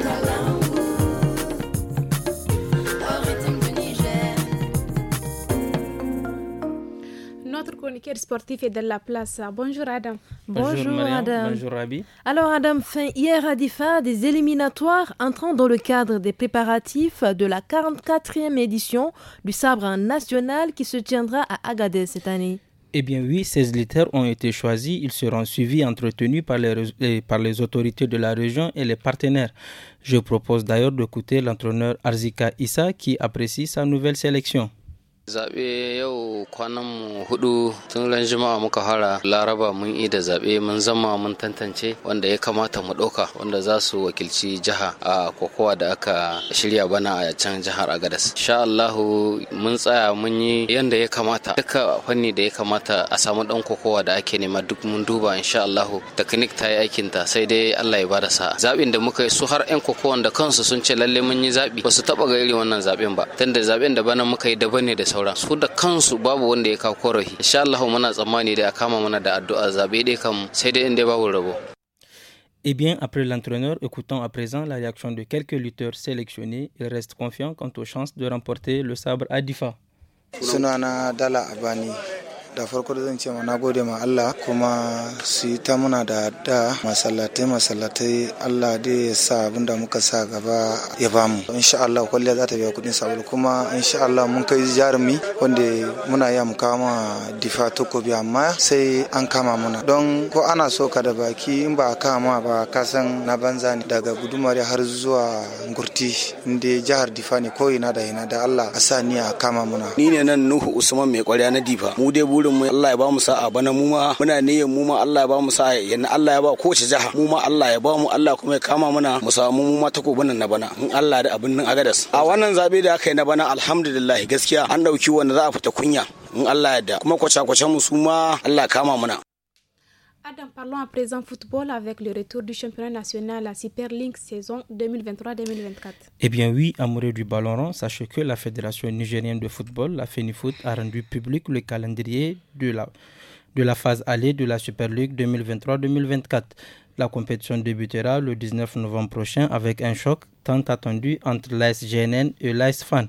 Speaker 2: de la place. Bonjour Adam. Bonjour, Bonjour Adam. Bonjour Rabi. Alors Adam, fin hier à Difa, des éliminatoires entrant dans le cadre des
Speaker 1: préparatifs de la 44e édition du sabre national qui se tiendra à Agadez cette année.
Speaker 17: Eh bien oui, 16 littères ont été choisis. Ils seront suivis et entretenus par les, par les autorités de la région et les partenaires. Je propose d'ailleurs d'écouter l'entraîneur Arzika Issa qui apprécie sa nouvelle sélection.
Speaker 5: zaɓe yau kwanan mu hudu tun ran jima'a muka fara laraba mun yi da zaɓe mun zama mun tantance wanda ya kamata mu ɗauka wanda za su wakilci jiha a kokowa da aka shirya bana a can jihar agadas sha
Speaker 18: allahu mun tsaya mun yi yanda ya kamata
Speaker 5: duka fanni da ya kamata a samu ɗan kokowa da ake nema duk mun duba sha allahu teknik ta yi aikin ta sai dai allah ya bada sa'a zaɓin da muka yi su har 'yan kokowan da kansu sun ce lalle mun yi zaɓi ba su taɓa ga irin wannan zaɓen ba tunda zaɓen da bana muka yi daban ne da sauran Eh
Speaker 17: Et bien, après l'entraîneur, écoutons à présent la réaction de quelques lutteurs sélectionnés. il reste confiant quant aux chances de remporter le sabre à Difa.
Speaker 18: da farko da zan ce ma gode ma Allah kuma su yi ta muna da da masallatai masallatai Allah da ya sa abin da muka sa gaba ya bamu insha Allah kwalliya za ta biya kudin sabulu kuma insha Allah mun kai jarumi wanda muna ya mu kama difa takobi amma sai an kama muna don ko ana so ka da baki in ba kama ba ka san na banza ne daga gudumar har zuwa gurti inda
Speaker 4: jihar difa ne ko ina da ina da Allah a sa ni a kama muna ni ne nan Nuhu Usman mai kwarya na difa mu dai burin mu Allah ya ba mu sa'a bana mu ma muna niyyar mu ma Allah ya ba mu sa'a yana Allah ya ba kowace jaha mu ma Allah ya ba mu Allah kuma ya kama mana mu samu mu ma na bana in Allah da abin nan agadas a wannan zabe da aka yi na bana alhamdulillah gaskiya an dauki wanda za a fita kunya in Allah ya da kuma kwace-kwacen mu su ma Allah kama mana
Speaker 2: En parlons à présent football avec le retour du championnat national à Super League saison 2023-2024.
Speaker 4: Eh bien
Speaker 17: oui, amoureux du ballon rond, sachez que la Fédération nigérienne de football, la FENIFOOT, a rendu public le calendrier de la, de la phase allée de la Super League 2023-2024. La compétition débutera le 19 novembre prochain avec un choc tant attendu entre l'ASGNN et l'ASFAN.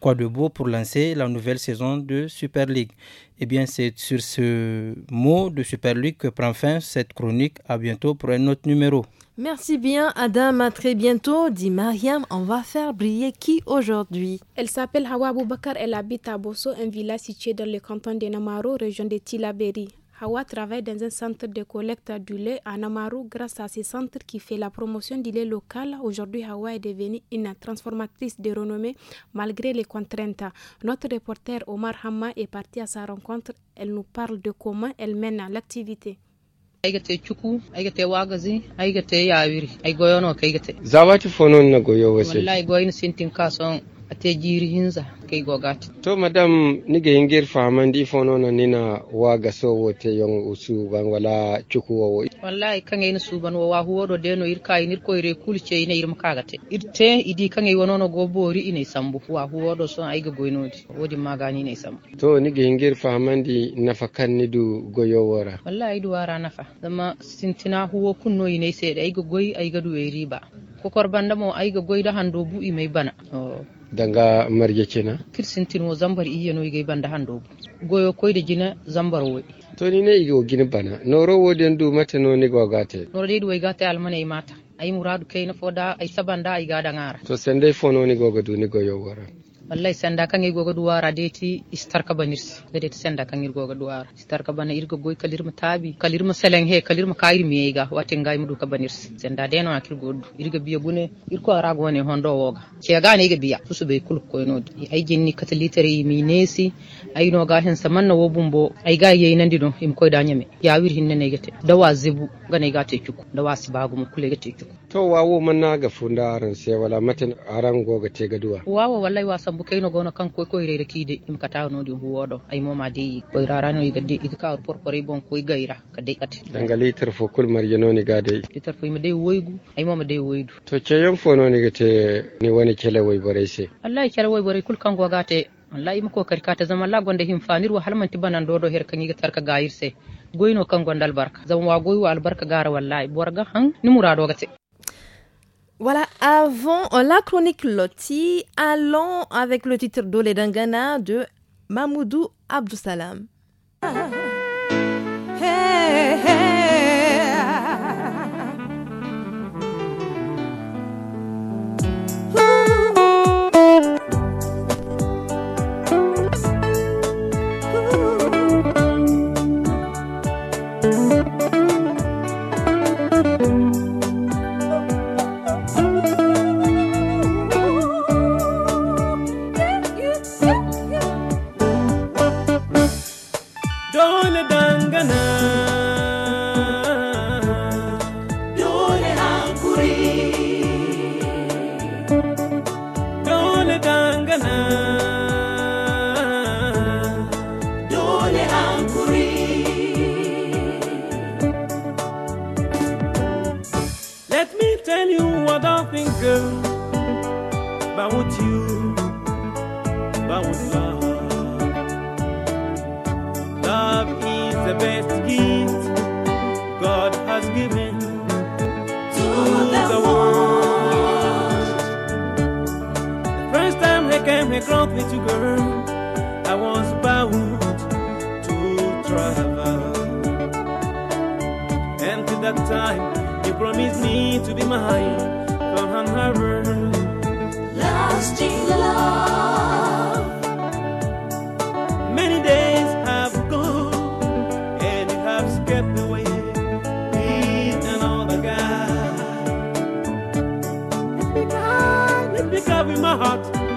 Speaker 17: Quoi de beau pour lancer la nouvelle saison de Super League. Eh bien, c'est sur ce mot de Superluc que prend fin cette chronique. À bientôt pour un autre numéro.
Speaker 2: Merci bien, Adam. À très bientôt. Dit Mariam, on va faire briller qui aujourd'hui Elle s'appelle Hawa Boubacar, Elle habite à Bosso, un village situé dans le canton de Namaro, région de Tilaberi. Hawa travaille dans un centre de collecte du lait à Namaru grâce à ce centre qui fait la promotion du lait local. Aujourd'hui, Hawa est devenue une transformatrice de renommée malgré les contraintes. Notre reporter Omar Hamma est parti à sa rencontre. Elle nous parle de comment elle mène l'activité.
Speaker 19: A ate jiri hinza kai gogati
Speaker 18: to madam ni nige yingir faman di fono na nina wa gaso wote yon usu ban wala chuku wo
Speaker 19: wallahi kan yin su ban wa huwo do deno ir kai nir koire kulce ina ir makagate te. idi kan yi wono no gobori ina sambu wa huwo do son aiga goinodi wodi magani ne sambu
Speaker 18: to ni nige yingir faman di nafakan ni du goyowara
Speaker 19: wallahi wara nafa zama sintina huwo kunno ina sai da ga goyi ga du riba kokor banda mo ga goyi da hando bu'i mai bana
Speaker 18: oh. danga marje cena
Speaker 19: kirsintinmo zambar no igay banda hando goyo
Speaker 18: koyde jina zambar wo to ni ne igo gina bana wo den du mata no ni gogate
Speaker 19: noro de du way gate almane mata ay muradu kayna foda ay sabanda ay gada ngara
Speaker 18: to sende fono ni gogadu ni goyo wara
Speaker 19: wallahi sanda kan yi goga duwara da ti istar deti istarka da ti sanda kan yi goga duwara istar istarka bana irgo goy mu tabi kalir mu selen he kalir mu kayir kair ga watin ga mu duka banirsi sanda deno na kirgo du irga biya gune irko ara gone hondo woga ce ga ne ga biya susu bai kul ko no ai jinni katalitere mi nesi ai no ga hen samanna wo bumbo ai ga yayi nan dino im koy da nyame ya wir hinne ne gate da wazibu ga ne ga te
Speaker 18: cuku dawa bagu mu kule ga te cuku to wawo man na ga funda aran se wala matin aran goga te gaduwa
Speaker 19: wawo wallahi wasan bu kaino gona kan koy koy reere kide im kata no di wodo ay moma de koy rarano iga de iga ka por por bon koy gaira ka de kat dangali
Speaker 18: tarfo kul marjano ni ga de
Speaker 19: tarfo mi de woygu ay moma de woydu
Speaker 18: to ce yan fo no ni ga te ni wani kele woy bare se
Speaker 19: wallahi kele woy bare kul kan goga te wallahi mu kokari ka ta zama la gonda him fanir wa halmanti banan dodo her kan iga tarka gayir se goyno kan gonda albarka zama wa goyi wa albarka gara wallahi borga han ni murado gate
Speaker 1: Voilà, avant euh, la chronique Loti, allons avec le titre d'Ole Dangana de Mamoudou Abdou
Speaker 14: girl, about you, about love. Love is the best gift God has given to, to the, world. The first time I came across with you, girl, I was bound to travel. And to that time, you promised me to be mine. not.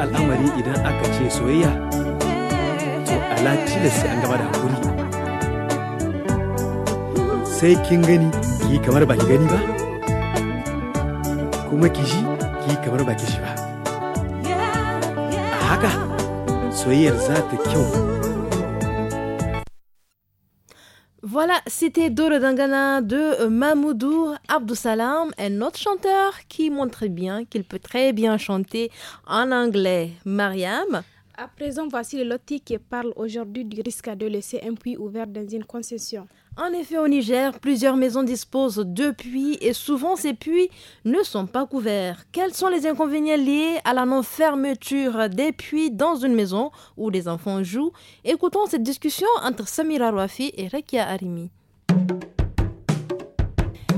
Speaker 14: al al'amari idan aka ce soyayya to ala sai an gaba da
Speaker 11: hakuri sai kin gani ki kamar ba ki gani ba kuma ki ji ki kamar ba ki ji ba a haka soyayyar za ta kyau
Speaker 1: Voilà, c'était Doro Dangana de Mamoudou Salam un autre chanteur qui montre bien qu'il peut très bien chanter en anglais. Mariam.
Speaker 2: À présent, voici le loti qui parle aujourd'hui du risque de laisser un puits ouvert dans une concession.
Speaker 1: En effet, au Niger, plusieurs maisons disposent de puits et souvent ces puits ne sont pas couverts. Quels sont les inconvénients liés à la non-fermeture des puits dans une maison où les enfants jouent Écoutons cette discussion entre Samira Rouafi et Rekia Arimi.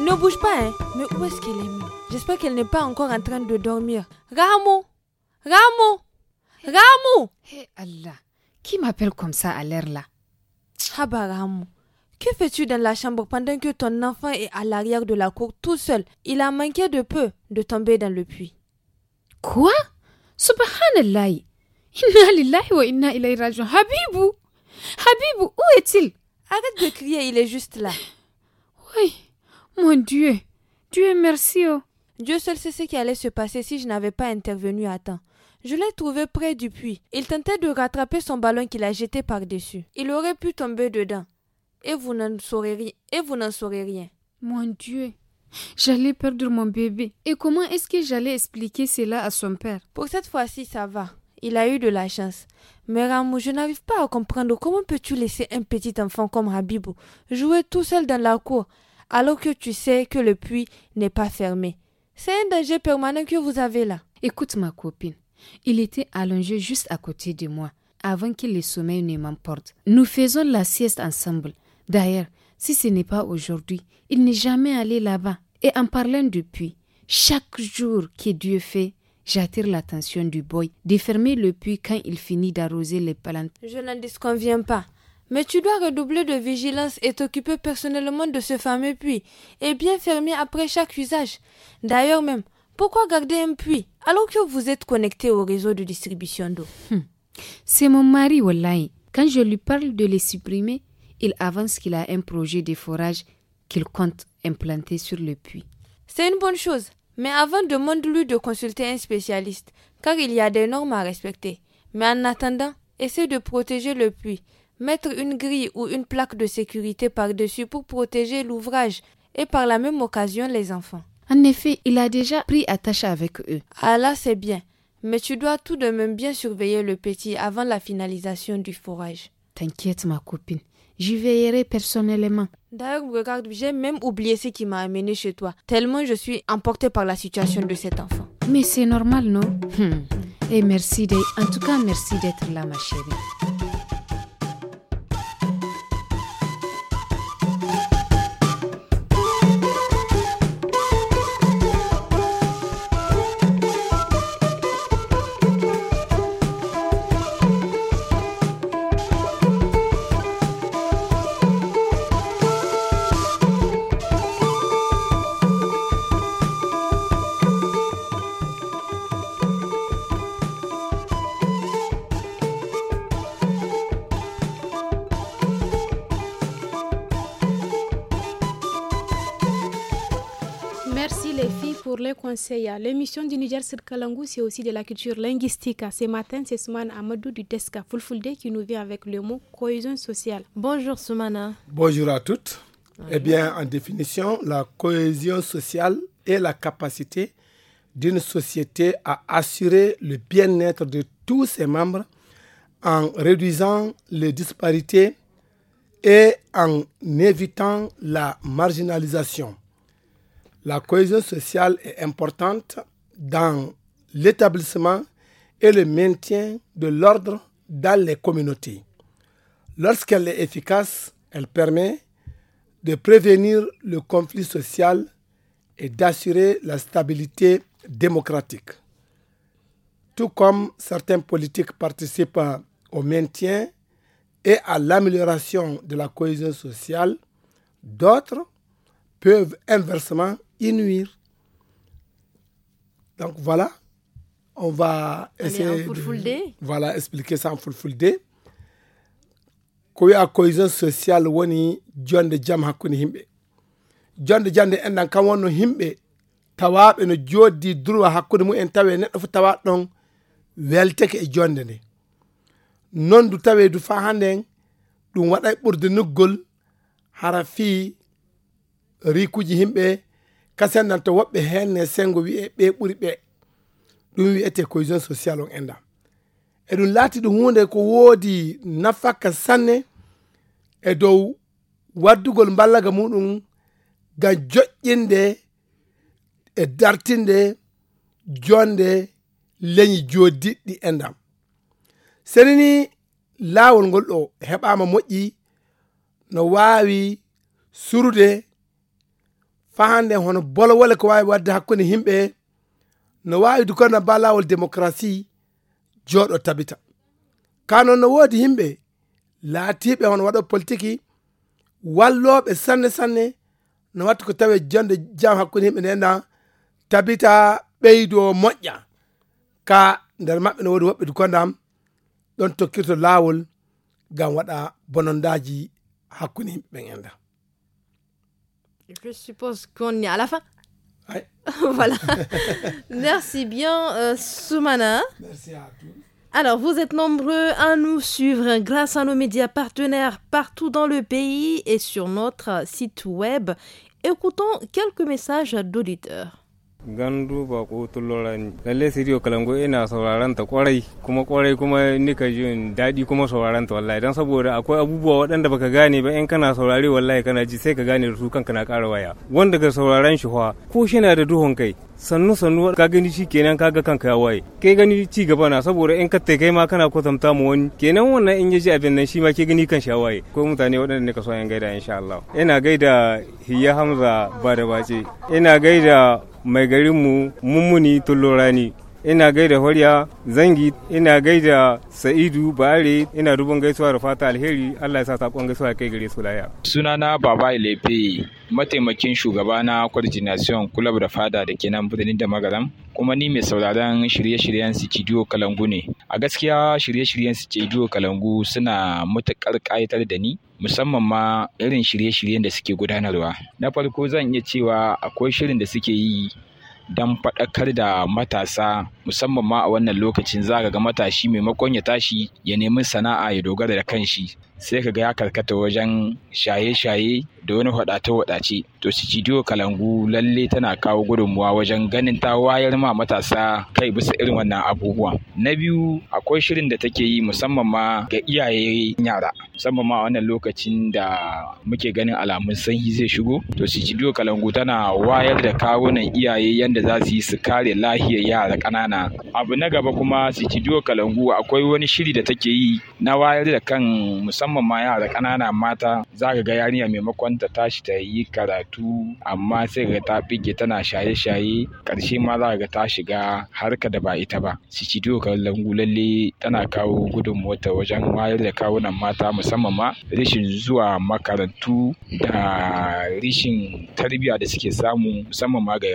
Speaker 9: ne bouge pas, hein. Mais où est-ce qu'elle est mise J'espère qu'elle n'est pas encore en train de dormir. Ramo Ramo Ramo
Speaker 16: Hé Allah,
Speaker 9: qui m'appelle comme ça à l'air là Ah bah, Ramo, que fais-tu dans la chambre pendant que ton enfant est à l'arrière de la cour tout seul Il a manqué de peu de tomber dans le puits. Quoi Subhanallah Inna lillahi inna ilayhi Habibou Habibou, où est-il Arrête de crier, il est juste là. Oui. Mon Dieu, Dieu merci. Oh. Dieu seul sait ce qui allait se passer si je n'avais pas intervenu à temps. Je l'ai trouvé près du puits. Il tentait de rattraper son ballon qu'il a jeté par-dessus. Il aurait pu tomber dedans. Et vous n'en saurez rien. Et vous n'en saurez rien. Mon Dieu. J'allais perdre mon bébé. Et comment est-ce que j'allais expliquer cela à son père Pour cette fois-ci, ça va. Il a eu de la chance. Mais Ramou, je n'arrive pas à comprendre comment peux-tu laisser un petit enfant comme Habibou jouer tout seul dans la cour alors que tu sais que le puits n'est pas fermé. C'est un danger permanent que vous avez là. Écoute ma copine, il était allongé juste à côté de moi avant que le sommeil ne m'emporte. Nous faisons la sieste ensemble. D'ailleurs, si ce n'est pas aujourd'hui, il n'est jamais allé là-bas. Et en parlant du puits, chaque jour que Dieu fait, j'attire l'attention du boy de fermer le puits quand il finit d'arroser les plantes. Je n'en disconviens pas. Mais tu dois redoubler de vigilance et t'occuper personnellement de ce fameux puits, et bien fermer après chaque usage. D'ailleurs même, pourquoi garder un puits alors que vous êtes connecté au réseau de distribution d'eau hmm. C'est mon mari, Wallahi. Quand je lui parle de les supprimer, il avance qu'il a un projet de forage qu'il compte implanter sur le puits. C'est une bonne chose, mais avant demande-lui de consulter un spécialiste, car il y a des normes à respecter. Mais en attendant, essaie de protéger le puits mettre une grille ou une plaque de sécurité par-dessus pour protéger l'ouvrage et par la même occasion les enfants. En effet, il a déjà pris attache avec eux. Ah là, c'est bien. Mais tu dois tout de même bien surveiller le petit avant la finalisation du forage. T'inquiète, ma copine. J'y veillerai personnellement. D'ailleurs, regarde, j'ai même oublié ce qui m'a amené chez toi, tellement je suis emportée par la situation de cet enfant. Mais c'est normal, non Hum, Et merci En tout cas, merci d'être là, ma chérie.
Speaker 2: L'émission du Niger sur Kalangou, c'est aussi de la culture linguistique. Ce matin, c'est Soumana Amadou du Deska Fulfulde qui nous vient avec le mot cohésion sociale. Bonjour Soumana.
Speaker 10: Bonjour à toutes. Eh bien, en définition, la cohésion sociale est la capacité d'une société à assurer le bien-être de tous ses membres en réduisant les disparités et en évitant la marginalisation. La cohésion sociale est importante dans l'établissement et le maintien de l'ordre dans les communautés. Lorsqu'elle est efficace, elle permet de prévenir le conflit social et d'assurer la stabilité démocratique. Tout comme certaines politiques participent au maintien et à l'amélioration de la cohésion sociale, d'autres peuvent inversement y Donc voilà, on va essayer. de, voilà, expliquer ça en fulfulde. Quoi à cohésion sociale, woni jonde jaam himbe. himbe. jonde jande de ɗan himbe, wonno himbe. tawaɓe no joddi durwa hakkunde mum en tawe neɗɗo non tawa ɗon welteke e jonde ne. non du tawe du fa du ɗum de ɓurde harafi harafi rikuji himbe kasendanta woɓɓe henne sengo wi'e ɓe ɓuri ɓe ɗum wi'ete cohésion social on enda e ɗum laati ɗum hunde ko woodi nafaka sanne e dow waddugol mballaga muɗum ngam joƴƴinde e dartinde jonde leñi jodiɗɗi e senini laawol ngol ɗo heɓama moƴƴi no waawi surude fahande hono bolo wala ko wawi wadde hakkunde himɓe no wawi dukorna ba lawol démocraci jooɗo tabita ka noon no woodi himɓe laatiɓe hono waɗo politique walloɓe sanne sanne no watta ko tawe jonde jam hakkunde himɓe ndena tabita ɓeydo moƴƴa ka nder maɓɓe no woodi woɓɓe dukondam ɗon tokkirto laawol ngam waɗa bonondaji hakkunde himɓe ɓen enda
Speaker 1: Je suppose qu'on est à la fin. voilà. Merci bien, euh, Soumana. Merci à tous. Alors, vous êtes nombreux à nous suivre hein, grâce à nos médias partenaires partout dans le pays et sur notre site web. Écoutons quelques messages d'auditeurs.
Speaker 18: gandu bako tullorani lalle sirio kalango ina sauraron ta kwarai kuma kwarai kuma nika ji daɗi kuma sauraron ta wallahi Dan saboda akwai abubuwa waɗanda baka gane ba in kana saurare wallahi kana ji sai ka gane da su kanka na ƙara waya wanda ka sauraron shi ko shi na da duhun kai sannu sannu ka gani shi kenan kaga kanka ya waye kai gani ci gaba na saboda in ka kai ma kana kwatanta mu wani kenan wannan in ji abin nan shi ma ke gani kan shi ya waye ko mutane waɗanda ne ka so yan gaida insha Allah ina gaida Hiya Hamza ba da bace ina gaida mai garinmu mummuni tullorani ina gaida horiya zangi ina gaida sa'idu bare ina rubin gaisuwa da fata alheri allah ya sa sakon gaisuwa kai gare su laya
Speaker 20: sunana baba ilefe mataimakin shugaba na coordination club da fada da ke nan birnin da magaram kuma ni mai sauraron shirye-shiryen studio kalangu ne a gaskiya shirye-shiryen studio kalangu suna matuƙar ƙayatar da ni musamman ma irin shirye-shiryen da suke gudanarwa. Na farko zan iya cewa akwai shirin da suke yi don faɗakar da matasa musamman ma a wannan lokacin za ga matashi maimakon ya tashi ya nemi sana'a ya dogara da kanshi sai ka ga ya karkata wajen shaye-shaye da wani waɗace wadace. to studio kalangu lalle tana kawo gudunmuwa wajen ganin ta wayar ma matasa kai bisa irin wannan abubuwa na biyu akwai shirin da take yi musamman ma ga iyaye yara musamman ma wannan lokacin da muke ganin alamun sanyi zai shigo to studio kalangu tana wayar da kawunan iyaye yadda za su yi su kare lahiyar yara kanana abu na gaba kuma studio kalangu akwai wani shiri da take yi na wayar da kan musamman musamman ma yara ƙanana mata za ga yarinya maimakon ta tashi ta yi karatu amma sai ga ta fige tana shaye-shaye ƙarshe ma za ga ta shiga harka da ba ita ba sitidiyo kalangu lalle tana kawo mota wajen wayar da kawunan mata musamman ma rashin zuwa makarantu da rishin tarbiyya da suke samu musamman ma ga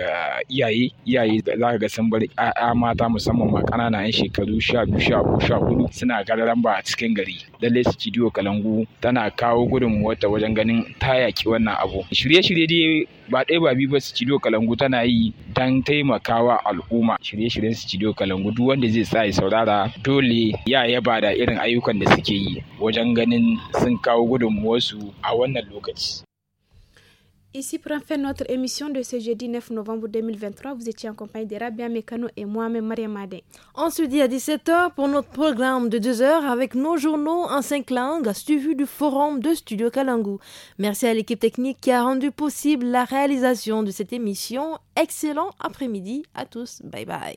Speaker 20: iyaye iyaye za ga sun bar 'ya'ya mata musamman ma ƙanana 'yan shekaru sha biyu sha uku sha suna gararan ba a cikin gari lalle sitidiyo kalangu tana kawo wata wajen ganin ta yaki wannan abu shirye-shirye dai ba ɗaya ba biyu ba su cido kalangu tana yi don taimakawa al'umma shirye-shiryen cido kalangu duk wanda zai sa saurara dole ya yaba da irin ayyukan da suke yi wajen ganin sun kawo su a wannan lokaci
Speaker 2: Ici pour enfin notre émission de ce jeudi 9 novembre 2023. Vous étiez en compagnie de Rabia Mekano et moi-même Maria On se dit à 17h pour notre programme de 2h avec nos journaux en 5
Speaker 1: langues suivi du forum de Studio Kalangu. Merci à l'équipe technique qui a rendu possible la réalisation de cette émission. Excellent après-midi à tous. Bye bye.